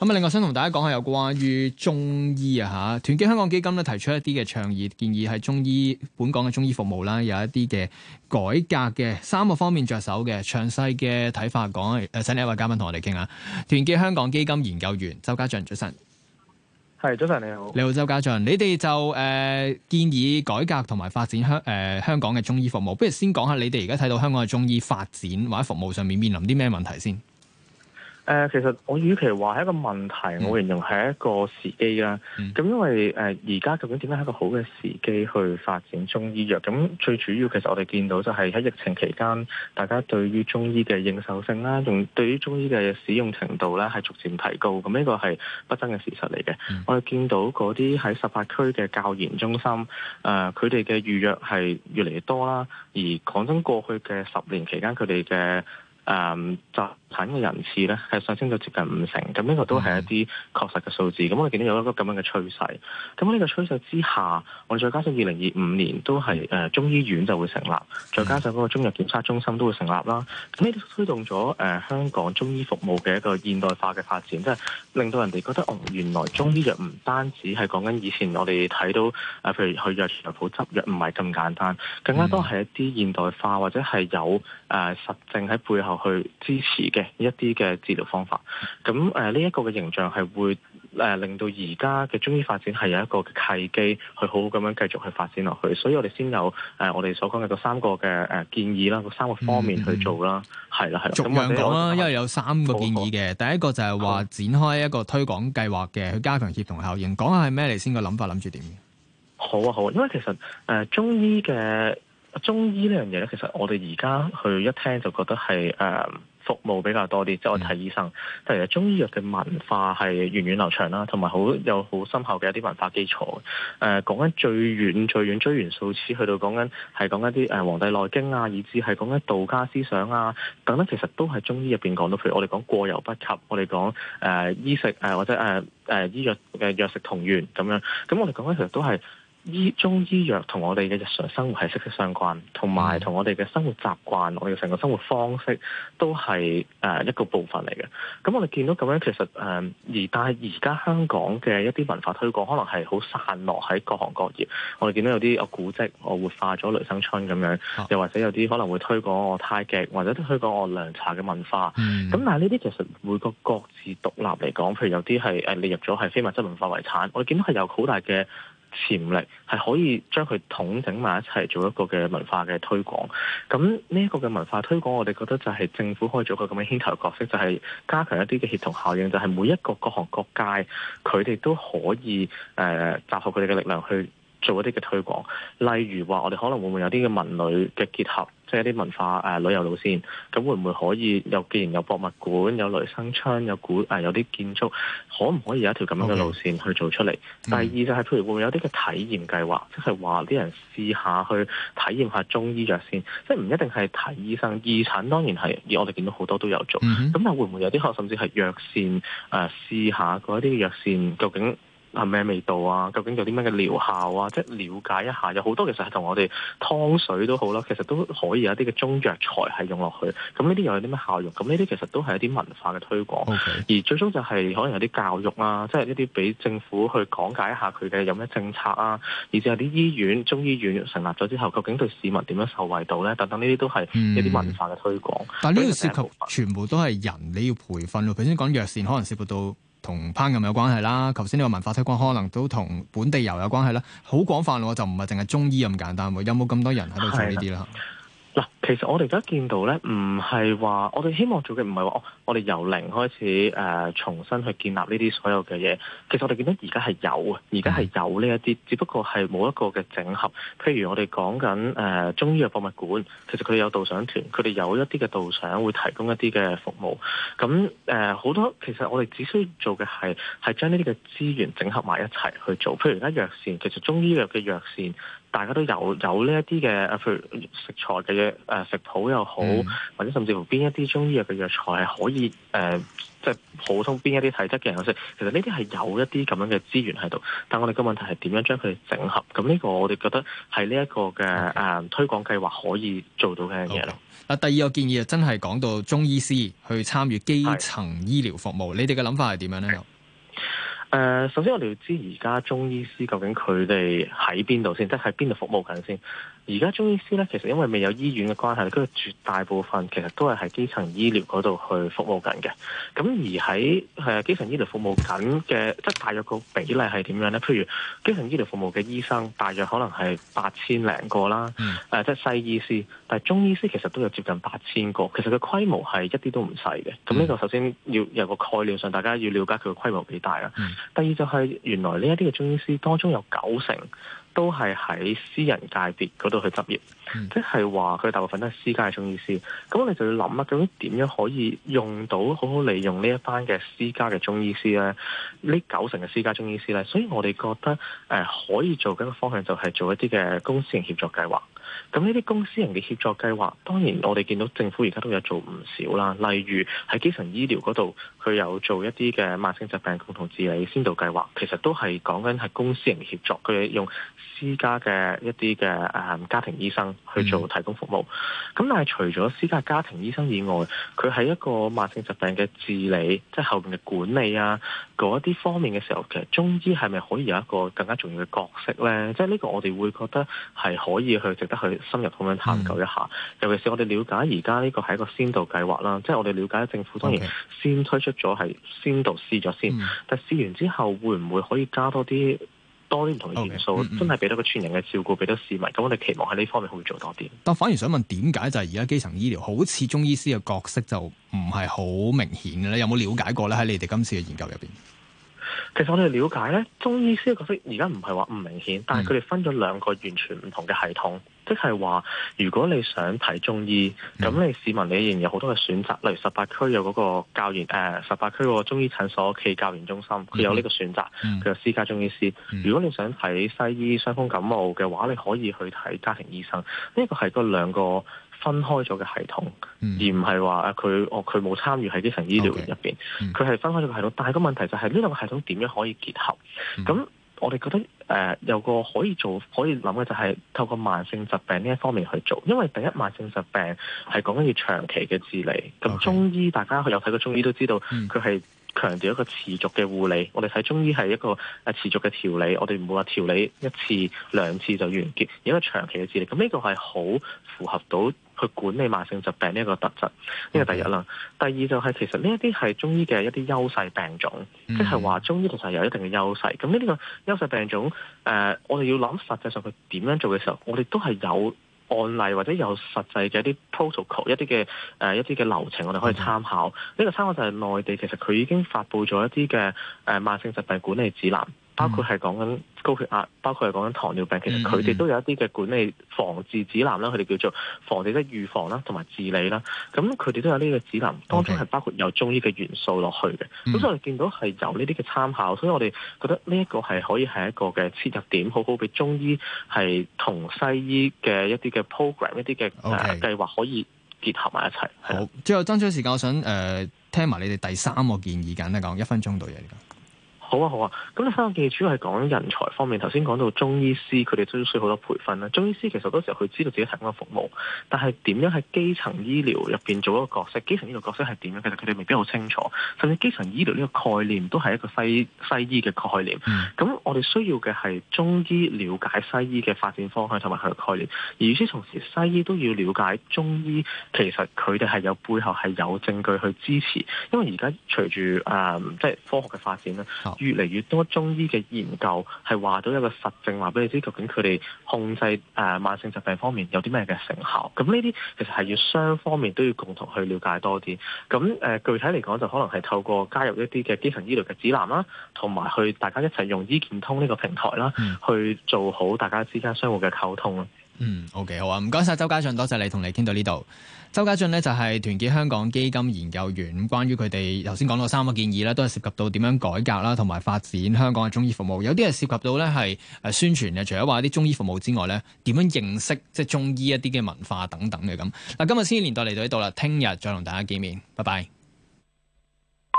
咁另外想同大家講下，有關於中醫啊，吓，團結香港基金咧，提出一啲嘅倡議，建議係中醫，本港嘅中醫服務啦，有一啲嘅改革嘅三個方面着手嘅詳細嘅睇法講。誒、呃，請另一位嘉賓同我哋傾下。團結香港基金研究員周嘉俊，早晨。係早晨，你好。你好，周嘉俊。你哋就誒、呃、建議改革同埋發展香誒、呃、香港嘅中醫服務，不如先講下你哋而家睇到香港嘅中醫發展或者服務上面面臨啲咩問題先？誒、呃，其實我與其話係一個問題，嗯、我形容係一個時機啦。咁、嗯、因為誒，而、呃、家究竟點解係一個好嘅時機去發展中醫藥？咁最主要其實我哋見到就係喺疫情期間，大家對於中醫嘅認受性啦，用對於中醫嘅使用程度咧，係逐漸提高。咁呢個係不爭嘅事實嚟嘅。嗯、我哋見到嗰啲喺十八區嘅教研中心，誒、呃，佢哋嘅預約係越嚟越多啦。而講真，過去嘅十年期間，佢哋嘅誒集診嘅人次咧，係上升咗接近五成，咁呢個都係一啲確實嘅數字。咁我哋見到有一個咁樣嘅趨勢。咁呢個趨勢之下，我哋再加上二零二五年都係誒中醫院就會成立，再加上嗰個中藥檢測中心都會成立啦。咁呢啲推動咗誒香港中醫服務嘅一個現代化嘅發展，即係令到人哋覺得哦，原來中醫藥唔單止係講緊以前我哋睇到誒，譬如去藥材鋪執藥唔係咁簡單，更加多係一啲現代化或者係有誒實證喺背後。去支持嘅一啲嘅治療方法，咁誒呢一個嘅形象係會誒、呃、令到而家嘅中醫發展係有一個契機去好好咁樣繼續去發展落去，所以我哋先有誒、呃、我哋所講嘅三個嘅誒建議啦，三個方面去做啦，係啦係啦。咁、嗯、樣講啦。的因為有三個建議嘅，第一個就係話展開一個推廣計劃嘅，去加強協同效應。講下係咩嚟先？個諗法諗住點？好啊好啊，因為其實誒、呃、中醫嘅。中醫呢樣嘢咧，其實我哋而家去一聽就覺得係誒、呃、服務比較多啲，即、就、係、是、我睇醫生。但係其實中醫藥嘅文化係源遠，遠流長啦，同埋好有好深厚嘅一啲文化基礎。誒、呃、講緊最遠最遠追源溯始去到講緊係講緊啲誒《黃、呃、帝內經》啊，以至係講緊道家思想啊，等等，其實都係中醫入邊講到。譬如我哋講過猶不及，我哋講誒、呃、醫食誒、呃、或者誒誒、呃呃、醫藥嘅、呃、藥食同源咁樣。咁我哋講緊其實都係。醫中醫藥同我哋嘅日常生活係息息相關，同埋同我哋嘅生活習慣，我哋嘅成個生活方式都係誒一個部分嚟嘅。咁我哋見到咁樣，其實誒而、嗯、但係而家香港嘅一啲文化推廣，可能係好散落喺各行各業。我哋見到有啲我古蹟，我活化咗雷生春咁樣，又或者有啲可能會推廣我太極，或者推廣我涼茶嘅文化。咁、嗯、但係呢啲其實每個各自獨立嚟講，譬如有啲係誒列入咗係非物質文化遺產，我哋見到係有好大嘅潛力係可以將佢統整埋一齊做一個嘅文化嘅推廣，咁呢一個嘅文化推廣，我哋覺得就係政府可以做一個咁嘅牽頭角色，就係、是、加強一啲嘅協同效應，就係、是、每一個各行各界佢哋都可以誒、呃、集合佢哋嘅力量去。做一啲嘅推廣，例如話我哋可能會唔會有啲嘅文旅嘅結合，即係一啲文化誒、呃、旅遊路線，咁會唔會可以有既然有博物館、有雷生春、有古誒、呃、有啲建築，可唔可以有一條咁樣嘅路線去做出嚟？Okay. 第二就係、是、譬如會唔會有啲嘅體驗計劃，mm hmm. 即係話啲人試下去體驗下中醫藥先，即係唔一定係睇醫生、義診，當然係我哋見到好多都有做，咁但係會唔會有啲可甚至係藥膳誒、呃、試下嗰一啲藥膳究竟？係咩味道啊？究竟有啲咩嘅療效啊？即係了解一下，有好多其實係同我哋湯水都好啦，其實都可以有啲嘅中藥材係用落去。咁呢啲又有啲咩效用？咁呢啲其實都係一啲文化嘅推廣，Okay. 而最終就係可能有啲教育啊，即係一啲俾政府去講解一下佢嘅有咩政策啊，而且有啲醫院中醫院成立咗之後，究竟對市民點樣受惠到咧？等等呢啲都係一啲文化嘅推廣。嗯、但呢個涉及全部都係人，你要培訓。頭先講藥膳，可能涉及到。同烹飪有關係啦，頭先呢個文化習慣，可能都同本地遊有關係啦。好廣泛咯，就唔係淨係中醫咁簡單，有冇咁多人喺度做呢啲咧？嗱，其實我哋而家見到咧，唔係話我哋希望做嘅，唔係話我我哋由零開始誒、呃，重新去建立呢啲所有嘅嘢。其實我哋見到而家係有啊，而家係有呢一啲，只不過係冇一個嘅整合。譬如我哋講緊誒中醫藥博物館，其實佢哋有導賞團，佢哋有一啲嘅導賞會提供一啲嘅服務。咁誒，好、呃、多其實我哋只需要做嘅係係將呢啲嘅資源整合埋一齊去做。譬如而家藥膳，其實中醫藥嘅藥膳。大家都有有呢一啲嘅譬如食材嘅誒食譜又好，嗯、或者甚至乎邊一啲中醫藥嘅藥材係可以誒，即、呃、係、就是、普通邊一啲體質嘅人有食，其實呢啲係有一啲咁樣嘅資源喺度。但我哋嘅問題係點樣將佢哋整合？咁呢個我哋覺得係呢一個嘅誒 Okay.、嗯、推廣計劃可以做到嘅嘢咯。嗱、okay。第二個建議啊，真係講到中醫師去參與基層醫療服務，是你哋嘅諗法係點樣咧？誒、呃，首先我哋要知而家中醫師究竟佢哋喺邊度先，即係喺邊度服務緊先。而家中醫師咧，其實因為未有醫院嘅關係，跟住絕大部分其實都係喺基層醫療嗰度去服務緊嘅。咁而喺係基層醫療服務緊嘅，即係大約個比例係點樣咧？譬如基層醫療服務嘅醫生，大約可能係八千零個啦。誒、mm. 呃，即係西醫師，但係中醫師其實都有接近八千個。其實佢規模係一啲都唔細嘅。咁呢個首先要有個概念上，大家要了解佢嘅規模幾大啦。Mm. 第二就係原來呢一啲嘅中醫師當中有九成，都係喺私人界別嗰度去執業，即係話佢大部分都係私、啊、私、私家中醫師，咁我哋就要諗啦，究竟點樣可以用到好好利用呢一班嘅私家嘅中醫師咧？呢九成嘅私家中醫師咧，所以我哋覺得誒、呃、可以做緊嘅方向就係做一啲嘅公私營協作計劃。咁呢啲公司型嘅協作計劃，當然我哋見到政府而家都有做唔少啦。例如喺基層醫療嗰度，佢有做一啲嘅慢性疾病共同治理先導計劃，其實都係講緊係公司人協作，佢用私家嘅一啲嘅誒家庭醫生去做提供服務。咁、嗯、但係除咗私家家庭醫生以外，佢喺一個慢性疾病嘅治理，即、就、係、是、後面嘅管理啊嗰一啲方面嘅時候，其實中醫係咪可以有一個更加重要嘅角色呢？即係呢個我哋會覺得係可以去值得。去深入咁樣探究一下，嗯、尤其是我哋了解而家呢個係一個先導計劃啦，即係我哋了解政府當然先推出咗係先導試咗先，嗯、但係試完之後會唔會可以加多啲多啲唔同嘅元素，嗯、真係俾到個全人嘅照顧，俾到市民，咁我哋期望喺呢方面可以做多啲。但反而想問點解就係而家基層醫療好似中醫師嘅角色就唔係好明顯嘅咧？有冇了解過咧？喺你哋今次嘅研究入邊，其實我哋了解咧，中醫師嘅角色而家唔係話唔明顯，但係佢哋分咗兩個完全唔同嘅系統。即係話，如果你想睇中醫，咁你市民你仍然有好多嘅選擇，例如十八區有嗰個教研誒，十八區嗰個中醫診所暨教研中心，佢有呢個選擇，佢、嗯、有私家中醫師。嗯、如果你想睇西醫傷風感冒嘅話，你可以去睇家庭醫生。呢個係個兩個分開咗嘅系統，嗯、而唔係話誒佢哦佢冇參與喺基層醫療入邊，佢係、okay, 嗯、分開咗個系統。但係個問題就係呢兩個系統點樣可以結合？咁、嗯嗯我哋覺得誒、呃、有個可以做可以諗嘅就係、是、透過慢性疾病呢一方面去做，因為第一，慢性疾病係講緊要長期嘅治理，咁 Okay. 中醫，大家有睇過中醫都知道佢係。嗯強調一個持續嘅護理，我哋睇中醫係一個誒持續嘅調理，我哋唔會話調理一次、兩次就完結，而係長期嘅治療。咁呢個係好符合到去管理慢性疾病呢一個特質。呢個第一啦，Okay. 第二就係、是、其實呢一啲係中醫嘅一啲優勢病種，Okay. 即係話中醫其實有一定嘅優勢。咁呢啲個優勢病種，誒、呃，我哋要諗實際上佢點樣做嘅時候，我哋都係有。案例或者有實際嘅一啲 protocol、呃、一啲嘅誒一啲嘅流程，我哋可以參考。呢、Mm-hmm. 個參考就係內地其實佢已經發佈咗一啲嘅誒慢性疾病管理指南。包括係講緊高血壓，包括係講緊糖尿病，其實佢哋都有一啲嘅管理防治指南啦。佢哋、嗯嗯、叫做防治的預防啦，同埋治理啦。咁佢哋都有呢個指南，當中係包括有中醫嘅元素落去嘅。咁、嗯、所以我哋見到係有呢啲嘅參考，所以我哋覺得呢一個係可以係一個嘅切入點，好好俾中醫係同西醫嘅一啲嘅 program 一、一啲嘅計劃可以結合埋一齊。嗯、的好，最後爭取時間，我想誒、呃、聽埋你哋第三個建議，簡單講一分鐘到嘢。好啊，好啊。咁你香港主要係講人才方面，頭先講到中醫師，佢哋都需要好多培訓啦。中醫師其實好多時候佢知道自己提供嘅服務，但係點樣喺基層醫療入邊做一個角色？基層醫療角色係點樣？其實佢哋未必好清楚。甚至基層醫療呢個概念都係一個西西醫嘅概念。咁、嗯、我哋需要嘅係中醫了解西醫嘅發展方向同埋佢嘅概念。而與此同時，西醫都要了解中醫，其實佢哋係有背後係有證據去支持。因為而家隨住誒即係科學嘅發展咧。越嚟越多中醫嘅研究係話到一個實證，話俾你知究竟佢哋控制誒、呃、慢性疾病方面有啲咩嘅成效。咁呢啲其實係要雙方面都要共同去了解多啲。咁誒、呃，具體嚟講就可能係透過加入一啲嘅基層醫療嘅指南啦，同埋去大家一齊用醫健通呢個平台啦，去做好大家之間相互嘅溝通啦。嗯，OK，好啊，唔該晒。周嘉俊，多謝你同你哋傾到呢度。周嘉俊呢，就係、是、團結香港基金研究員，咁關於佢哋頭先講到三個建議啦，都係涉及到點樣改革啦，同埋發展香港嘅中醫服務。有啲係涉及到呢係誒宣傳嘅，除咗話啲中醫服務之外呢，點樣認識即係中醫一啲嘅文化等等嘅咁。嗱、啊，今日先年代嚟到呢度啦，聽日再同大家見面，拜拜。